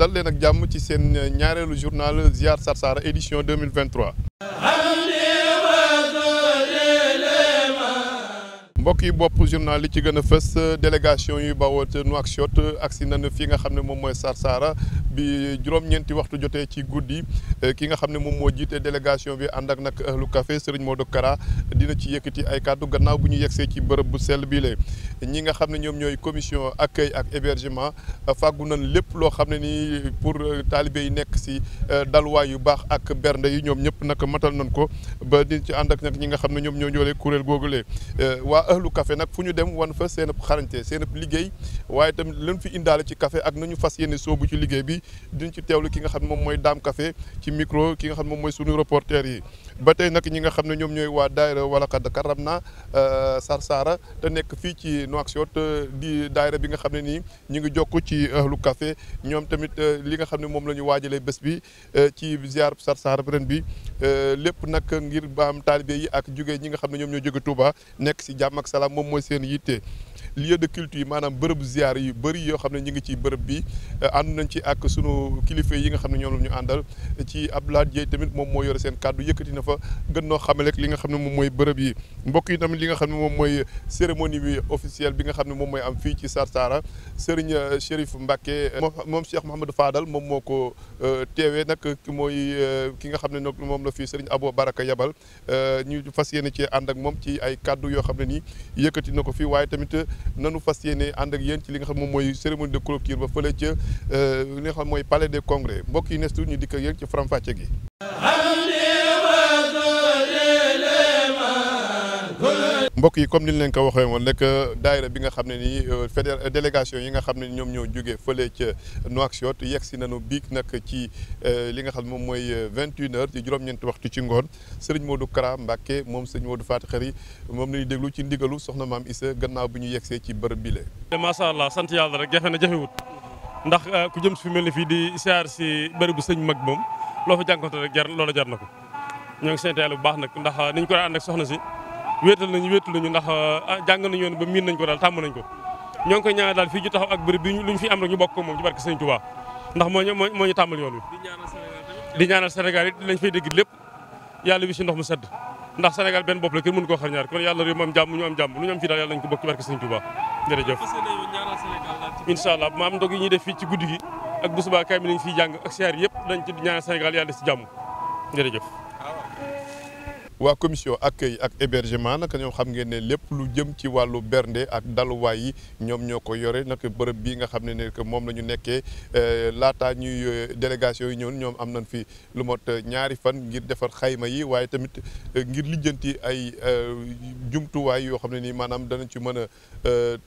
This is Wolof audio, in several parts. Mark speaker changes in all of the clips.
Speaker 1: dal leen ak jàmm ci seen ñaareelu journal Ziar Sarsara édition 2023 mbokk yi bopp journal li ci gën a fës euh, délégation yu bawoo Nouakchott euh, agsi nañu fii nga xam ne moom mooy Sarsara bi juróom-ñeenti waxtu jotee ci guddi euh, ki nga xam ne moom moo jiite délégation bi ànd ak nag ahlu café Serigne Modou Kara dina ci yëkkati ay kàddu gannaaw bu ñu yegsee ci bërëb bu sell bii lee ñi nga xam ne ñoom ñooy commission accueil ak hébergement fàggu nañ lépp loo xam ne nii pour taalibe yi nekk si dalwaay yu baax ak bernde yi ñoom ñëpp nag matal nañ ko ba di ci ànd ak nag ñi nga xam ne ñoom ñoo ñoolee kuréel googulee waa ahlu café nag fu ñu dem wan fa seen xarañte seen liggéey waaye tamit leen fi indaale ci café ak nañu fas yéene soobu ci liggéey bi diñ ci teewlu ki nga xam ne moom mooy daam café ci micro ki nga xam ne moom mooy suñu reporter ba tey nag ñi nga xam ne ñoom ñooy waa daayira Walaqad Karramnaa euh, Sarsara te nekk fii ci Nouakchott di daayira bi nga xam ne nii ñu ngi jokk ci ahlu ñoom tamit euh, li nga xam ne moom la ñu waajalee bés bi euh, ci ziar Sarsara ren bi lépp nag ngir ba baam taalibe yi ak jóge ñi nga xam ne ñoom ñoo jóge Touba nekk si jàmm salaam moom mooy seen yitte lieu de culte yi maanaam bërëb ziar yu bëri yoo xam ne ñu ngi ci bërëb bi euh, ànd nañ ci ak sunu kilifa yi nga xam ne ñoom ñu àndal ci Abdoulaye Dieye tamit moom moo yore seen kàddu yëkkati na fa gën noo xamale ak li nga xam ne moom mooy bërëb yi mbokk yi tamit li nga xam ne moom mooy cérémonie bi officielle bi nga xam ne moom mooy am fii ci Sarsara Serigne euh, Chérif Mbacké euh, moom Cheikh Mouhamadou Fadal moom moo ko teewee nag mooy ki nga xam ne nag moom la fii Serigne Abo Baraka yabal ñu fas yéene ci ànd ak moom ci ay kàddu yoo xam ne nii yëkkati na ko fii waaye tamit nanu fas yéene ànd ak yéen ci li nga xam moom mooy cérémonie de clôture ba fële ca euh, li nga xam mooy palais des congrès mbokk yi nestu ñu dikk ak ci faram-fàcce gi mbokk yi comme ni ñu leen ko waxee woon rek daayira bi nga xam ne nii euh, fédér délégation yi nga xam ne ñoom ñoo jógee fële ca Nouakchott yegg si nañu biig nag ci euh, li nga xam ne moom mooy euh, vingt une ci juróom-ñeenti waxtu ci ngoon sëriñ Modou Kara Mbacké moom sëriñ Modou Faty Khary moom la déglu ci ndigalu soxna maam Issa gannaaw bu ñu yeggsee ci bërëb bile. macha allah sant yàlla rek jafe na jafewut ndax ku jëm si fi mel ni fii di siyaar si bu sëñ mag moom loo fa jànkonte rek jar loola jar na ko ñoo ngi sant yàlla bu baax nag ndax niñ ko daan ànd soxna si wéetal nañu wéetal nañu ndax ah, jàng nañu yoon ba miin nañ ko daal tàmm nañ ko ñoo ngi koy ñaanal daal fii ju taxaw ak bërëb bi ñu bokk ko moom ci barke Sëñ Tuubaa ndax moo moo ñu tàmmal yoon wi di ñaanal Sénégal it lañ fay dégg lépp yàlla bi si ndox mu sedd ndax Sénégal benn bopp la kenn mënu koo xar ñaar kon yàlla réew mi am jàmm ñu am jàmm lu ñu fii daal yàlla nañ ko bokk ci barke Sëñ Tuubaa jërëjëf incha allah ma am ndog yi ñuy def fii ci guddi gi ak bu subaa kaay mi nañ fiy jàng ak siyaar yëpp dañ ci ñaanal Sénégal yàlla si jàmm jërëjëf waa commission accueil ak hébergement nag ñoom xam ngeen ne lépp lu jëm ci wàllu bernde ak daluwaay yi ñoom ñoo ko yore nag bërëb bii nga xam ne ne moom la ñu nekkee euh, laataa ñuy euh, délégation yi ñëw ñoom am nañ fi lu mot euh, ñaari fan ngir defar xayma yi waaye tamit ngir lijjanti ay jumtuwaay yoo xam ne nii maanaam ci mën a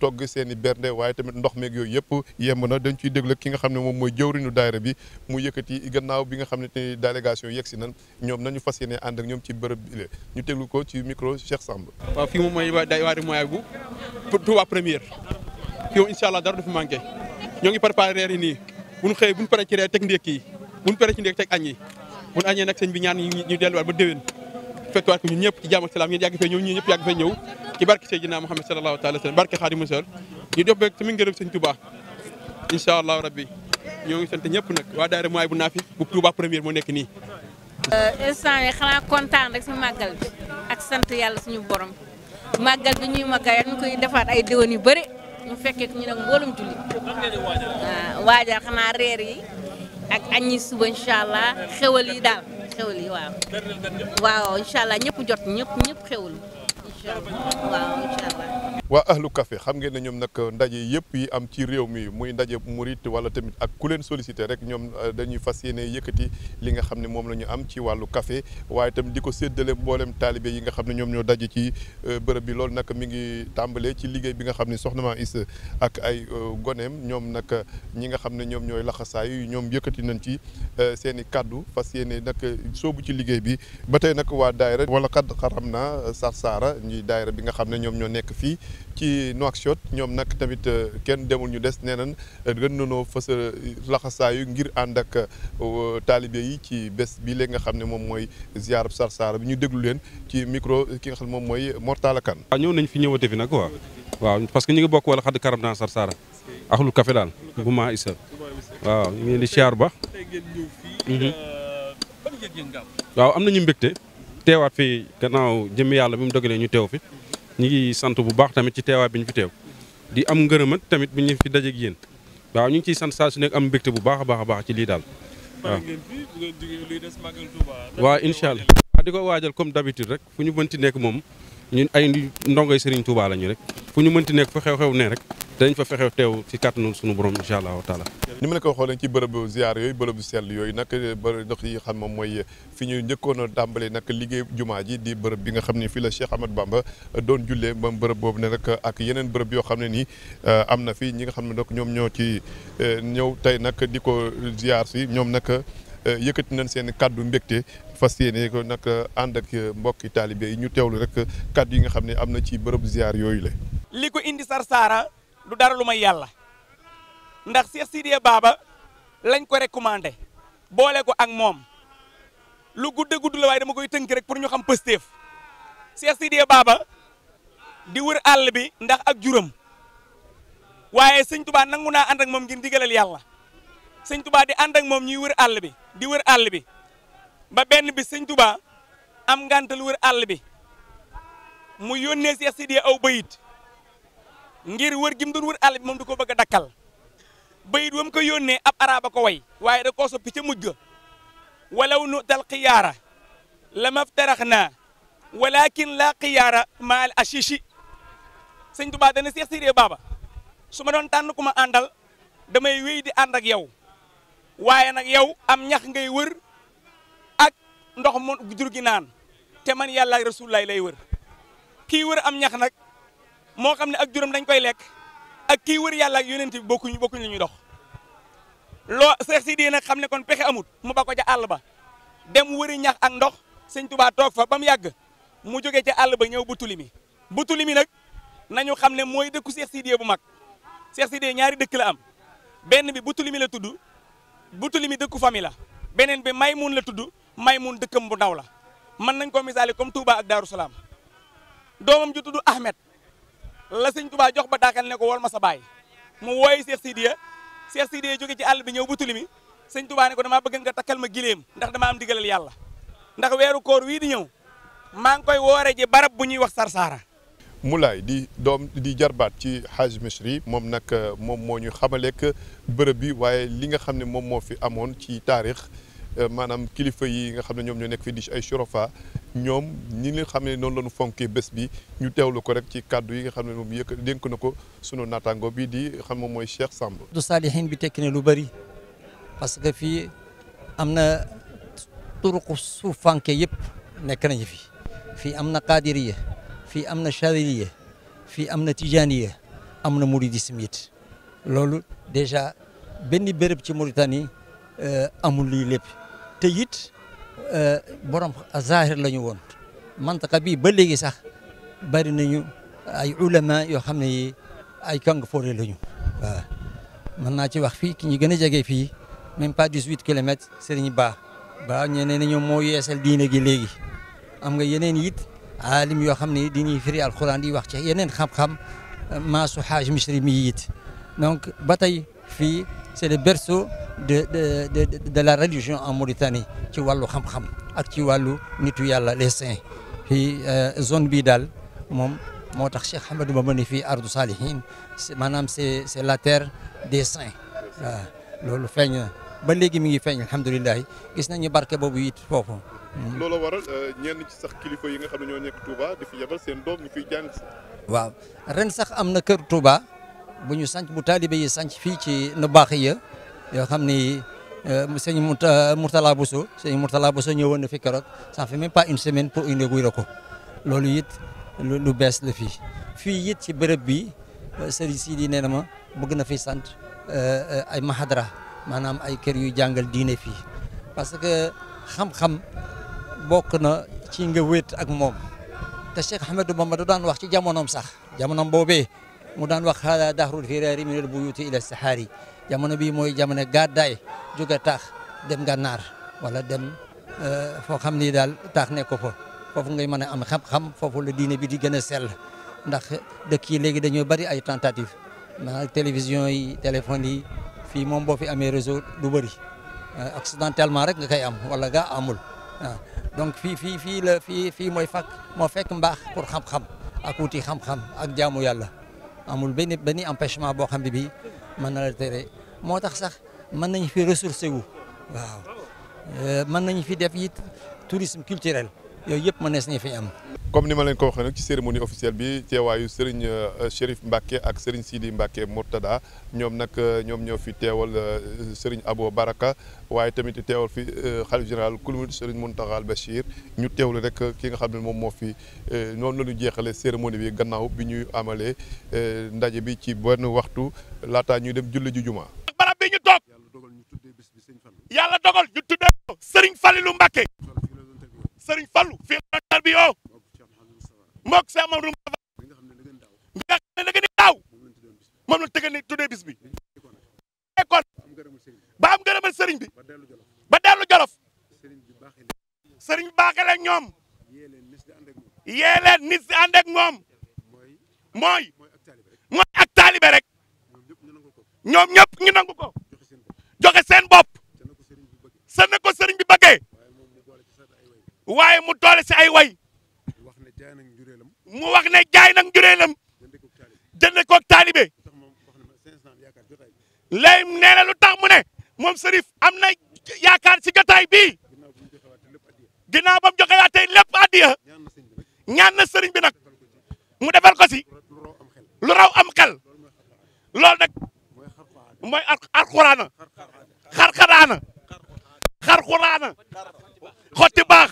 Speaker 1: togg seen i bernde waaye tamit ndox meeg yooyu yëpp yemb na dañ ciy déglu ki nga xam ne moom mooy jëwriñu daayira bi mu yëkkati gannaaw bi nga xam ne délégation yegg si nan ñoom nañu fas yéene ànd ak ñoom ci bërëb particulier ñu teglu ko ci micro Cheikh Samb. waaw fii moom mooy day waari mooy bu Touba première fii moom incha allah dara du fi manqué ñoo ngi préparé reer yi nii bu ñu xëyee bu reer teg ndékki yi bu ñu teg añ yi bu ñu añee bi ñaan ñu delluwaat ba déwén fekkuwaat ko ñun ñëpp ci jàmm salaam ngeen yàgg fee ñëw ñun ñëpp yàgg fee ñëw ci barke Seydina Muhammad sallallahu taala rabbi ñoo ngi sant ñëpp nag waa daara mooy bu naafi bu Touba première moo nekk nii
Speaker 2: Euh, instant yi xanaa kontaan rek si màggal bi ak sant yàlla suñu borom màggal bi ñuy màggal yal ñu koy defaat ay déwén yu bëri ñu fekkee ñu nag mboolum julli
Speaker 1: waaw
Speaker 2: waajal xanaa reer yi ak añ yi suba incha allah xewal yi daal xewal yi waaw waaw incha allah ñëpp jot ñëpp ñëpp xewal incha
Speaker 1: waaw incha waa ahlu café xam ngeen ne ñoom nag ndaje yëpp yi am ci réew mi muy ndaje mu rit wala tamit ak ku leen sollicité rek ñoom euh, dañuy fas yéene yëkkati li nga xam ne moom la ñu am ci wàllu café waaye tamit di ko séddale mboolem taalibe yi nga xam ne ñoom ñoo daje ci euh, bërëb bi loolu nag mi ngi tàmbalee ci liggéey bi nga xam ne soxna Maam Isa ak ay euh, goneem ñoom nag ñi nga xam ne ñoom ñooy laxasaayu ñoom yëkkati nañ ci seen i kàddu fas yéene nag soobu ci liggéey bi ba tey nag waa daayira wala xad xaram naa Sarsara ñuy daayira bi nga xam ne ñoom ñoo nekk fii ci Nouakchott ñoom nag tamit euh, kenn demul ñu des nee nañ euh, gën nanoo fës euh, laxasaayu ngir ànd ak taalibe yi ci bés bi léegi nga xam ne moom mooy bu Sarsara bi ñu déglu leen ci micro ki nga xam ne moom mooy Mortala Kane. waaw ah, ñëw nañ fi ñëwate fi nag waaw waaw parce que ñu ngi bokk wala xadd karam naa Sarsara axlu kafe daal bu maa isa waaw ñu ngi di ziar ba. Mhm. waaw am nañu mbégte teewaat fi gannaaw jëmmi yàlla bi mu dogalee ñu teew fi. ñu ngi sant bu baax tamit ci teewaay bi ñu fi teew di am ngërëmat tamit bi ñu fi dajeeg yéen waaw ñu ngi ciy sant saa su nekk am mbégte bu baax a baax baax ci lii daal waaw waaw incha di ko waajal comme d'habitude rek fu ñu mënti nekk moom ñun ay ndongoy Serigne Touba la ñu rek fu ñu mënti nekk fu xew-xew nee rek dañ fa fexe teew ci kàttanu suñu borom incha allahu taala. ni ma moom mooy fi ñu njëkkoon a tàmbalee nag jumaa ji di bërëb bi nga xam ne fii la Cheikh Ahmad Bamba doon jullee moom bërëb boobu ne rek ak yeneen bërëb yoo xam ne nii eh, am na fi ñi nga xam ne donc ñoom ñoo ci eh, ñëw tey nag di ko ziar si ñoom nag eh, yëkkati nañ seen kàddu mbégte. fas yéene ko nag ànd ak mbokki taalibe yi ñu teewlu rek kàddu yi nga xam ne am na ci bërëb ziar yooyu la.
Speaker 2: li ko indi Sarsara. du dara lu may yàlla ndax Cheikh Sidiya baaba lañ ko recommandé boole ko ak moom lu gudd a gudd la waaye dama koy tënk rek pour ñu xam pësteef Cheikh Sidiya Baba di wër àll bi ndax ak juram waaye sëñ Tuubaa nangu naa ànd ak moom ngir digalal yàlla sëñ Tuubaa di ànd ak moom ñuy wër àll bi di wër àll bi ba benn bi sëñ Tuubaa am ngàntal wër àll bi mu yónnee Cheikh Sidiya aw bayit ngir wër gi mu doon wër àll bi moom du ko bëgg a dakkal bayit wam ko yónnee ab araaba ko way waaye da koo soppi ca mujj ga walaw nu tal xiyaara la maftarax naa walakin laa xiyaara maal ashishi sëñ Tuubaa dana Seex Siré Baba su ma doon tànn ku ma àndal damay wéy di ànd ak yow waaye nag yow am ñax ngay wër ak ndox mu jur gi naan te man yàlla lay wër kii wër am ñax nag moo xam ne ak juróom dañ koy lekk ak kii wër yàlla ak yonent bi bokkuñu bokkuñu li ñuy dox loo seex si nag xam ne kon pexe amut mu ba ko ca àll ba dem wëri ñax ak ndox sëñ tubaa toog fa ba mu yàgg mu jógee ca àll ba ñëw butulimi tuli mi nag nañu xam ne mooy dëkku seex si bu mag seex si dii ñaari dëkk la am benn bi bu tuli mi la tudd bu tuli mi dëkku famille beneen bi may mun la tudd may mun dëkkam bu ndaw la mën nañ ko misaali comme Touba ak Daaru Salaam doomam ju tudd Ahmed la sëñ Tuubaa jox ba daakal ne ko wol ma sa baay mu wooyi Cheikh Sidiya Cheikh Sidiya jóge ci àll bi ñëw bu tuli mi sëñ Tuubaa ne ko damaa bëgg nga takkal ma gileem ndax damaa am digalal yàlla ndax weeru koor wii di ñëw maa ngi koy woore ji barab bu ñuy wax Sarsara.
Speaker 1: Moulay di doom di jarbaat ci Haj Misri moom nag moom moo ñu xamaleek bërëb bi waaye li nga xam ne moom moo fi amoon ci taarix. Euh, maanaam kilifa yi nga xam ne ñoom ñoo nekk fii di ay shorofa ñoom ñi nga xam ne noonu la ñu fonkee bés bi ñu teewlu ko rek ci kàddu yi nga xam ne moom yëkk dénk na ko sunu naataango bi di xam moom mooy Cheikh Samb. du
Speaker 3: saalihin bi tekki ne lu bëri parce que fii am na turuq suuf fanke yëpp nekk nañu fi fii am na qaadiriya fii am na chadiliya fii am na tijaaniya am na muridisme loolu déjà benn béréb ci Mauritanie. Euh, amul lii lépp te it euh, borom zahir la ñu woon mantaka bii ba léegi sax bari nañu ay ulama yoo xam ne ay kàng foore lañu ñu waaw mën naa ci wax fii ki ñu gën a jege fii même pas 18 kilomètres Serigne Ba ba ñeneen ñoom moo yeesal diine gi léegi am nga yeneen it aalim yoo xam ne dañuy firi alxuraan di wax ci yeneen xam-xam maasu xaaj misri mi it donc ba tey fii le berceau de de de de la religion en Mauritanie ci wàllu xam-xam ak ci wàllu nitu yàlla les saints fii euh, zone bii daal moom moo tax Cheikh Ahmadou Bamba ni fii ardu salihin maanaam c'est c'est la terre des saints loolu feeñ ba léegi mi ngi feeñ alhamdulilah gis nañu barke boobu it foofu.
Speaker 1: loolu waral euh, ñenn ci sax kilifa seen doom ñu
Speaker 3: waaw ren sax am na kër Touba bu ñu sanc bu taalibe yi sanc fii ci nu baax ya yoo xam ni euh, sëñ Mourtala Bousso sëñ Mourtala Bousso ñëwoon na fi keroog ça fait même pas une semaine pour inaugurer ko loolu it lu bees la fii fii it ci bërëb bi euh, sëriñ Sidi nee na ma bëgg na fi sant euh, ay mahadra maanaam ay kër yu jàngal diine fii parce que xam-xam bokk na ci nga wéet ak moom te Cheikh Ahmadou ma du daan wax ci jamonom sax jamonoom boobee mu daan wax hada dahrul firaari minal buyuti ila sahaari jamono bii mooy jamono gàddaay jóge taax dem gànnaar wala dem euh, foo xam ni daal taax nekk ko foofu ngay mën a am xam-xam foofu la diine bi di gën a sell ndax dëkk yi léegi dañoo bari ay tentative maanaam télévision yi téléphone yi fii moom boo fi amee réseau du bëri euh, accidentellement rek nga koy am wala gaa amul donc fii fii fii la fii fii mooy fàkk moo fekk mbaax pour xam-xam ak wuti xam-xam ak jaamu yàlla amul benn benn empêchement boo xam ne bi mën na la moo tax sax mën nañu fi ressourcer wu waaw euh, mën nañu fi def it tourisme culturel yooyu yëpp mënees nañu fi am. comme ni ma leen ko waxee
Speaker 1: nag ci cérémonie officielle bi teewaayu Serigne euh, Chérif Mbacké ak Serigne Sidi Mbacké Mourtada ñoom nag euh, ñoom ñoo fi teewal Serigne Abo Baraka waaye tamit teewal fi xalif général kulmul Serigne Mountakha Bachir ñu teewlu rek ki nga xam ne moom moo fi noonu la ñu jeexalee cérémonie bi gannaaw bi ñuy amalee ndaje bi ci benn waxtu laataa ñuy dem julli ju jumaa
Speaker 4: fii ñu toog yàlla dogal ñu tuddee ko Serigne Falilou Mbacké Serigne fii la tarbiyoo mbokk Cheikh Amadou Moustapha nga xam ne da ngeen di daaw la tëgg ni tuddee bis bi kon ba am gërëmal Serigne bi ba dellu Jolof Serigne bi baaxee la ñoom yee leen nit si ànd ak moom mooy mooy ak taalibe rek ñoom ñëpp ñu nangu ko joxe seen bopp sa na ko sëriñ bi bëggee waaye mu toole si ay way mu wax ne jaay nag njureelam jënd koog taalibe lay nee na lu tax mu ne moom sërif am na yaakaar si jotaay bii ginnaaw ba mu joxe waatee lépp addiya ñaan na sëriñ bi nag mu defal mooy alxuraana xarxaraana xarxuraana xotti baax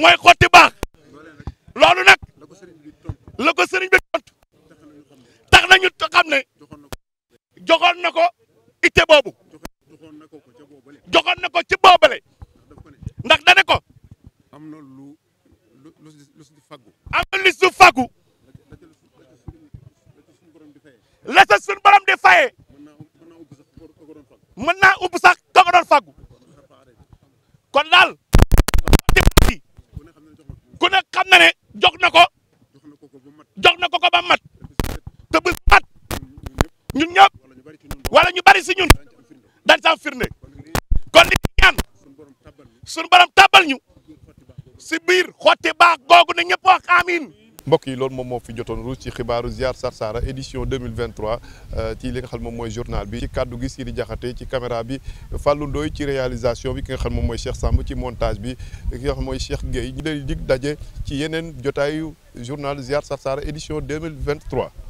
Speaker 4: mooy xotti baax mën naa ump sax ka nga doon
Speaker 1: bokk yi loolu moom moo fi jotoon ruus ci xibaaru ziar Sarsara édition 2023 euh, ci li nga xam moom mooy journal bi ci kàddu gi Siri Diakhaté ci caméra bi Fallou Ndoye ci réalisation bi ki nga xam moom mooy Cheikh Samb ci montage bi ki nga xam mooy Cheikh Gueye ñu leen dig daje ci yeneen jotaayu journal ziar Sarsara édition 2023